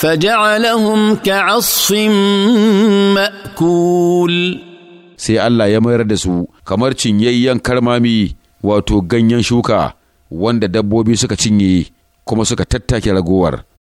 فجعلهم كعصف مأكول sai Allah ya mayar da su kamar cinyayyen karmami wato ganyen shuka wanda dabbobi suka cinye kuma suka tattake ragowar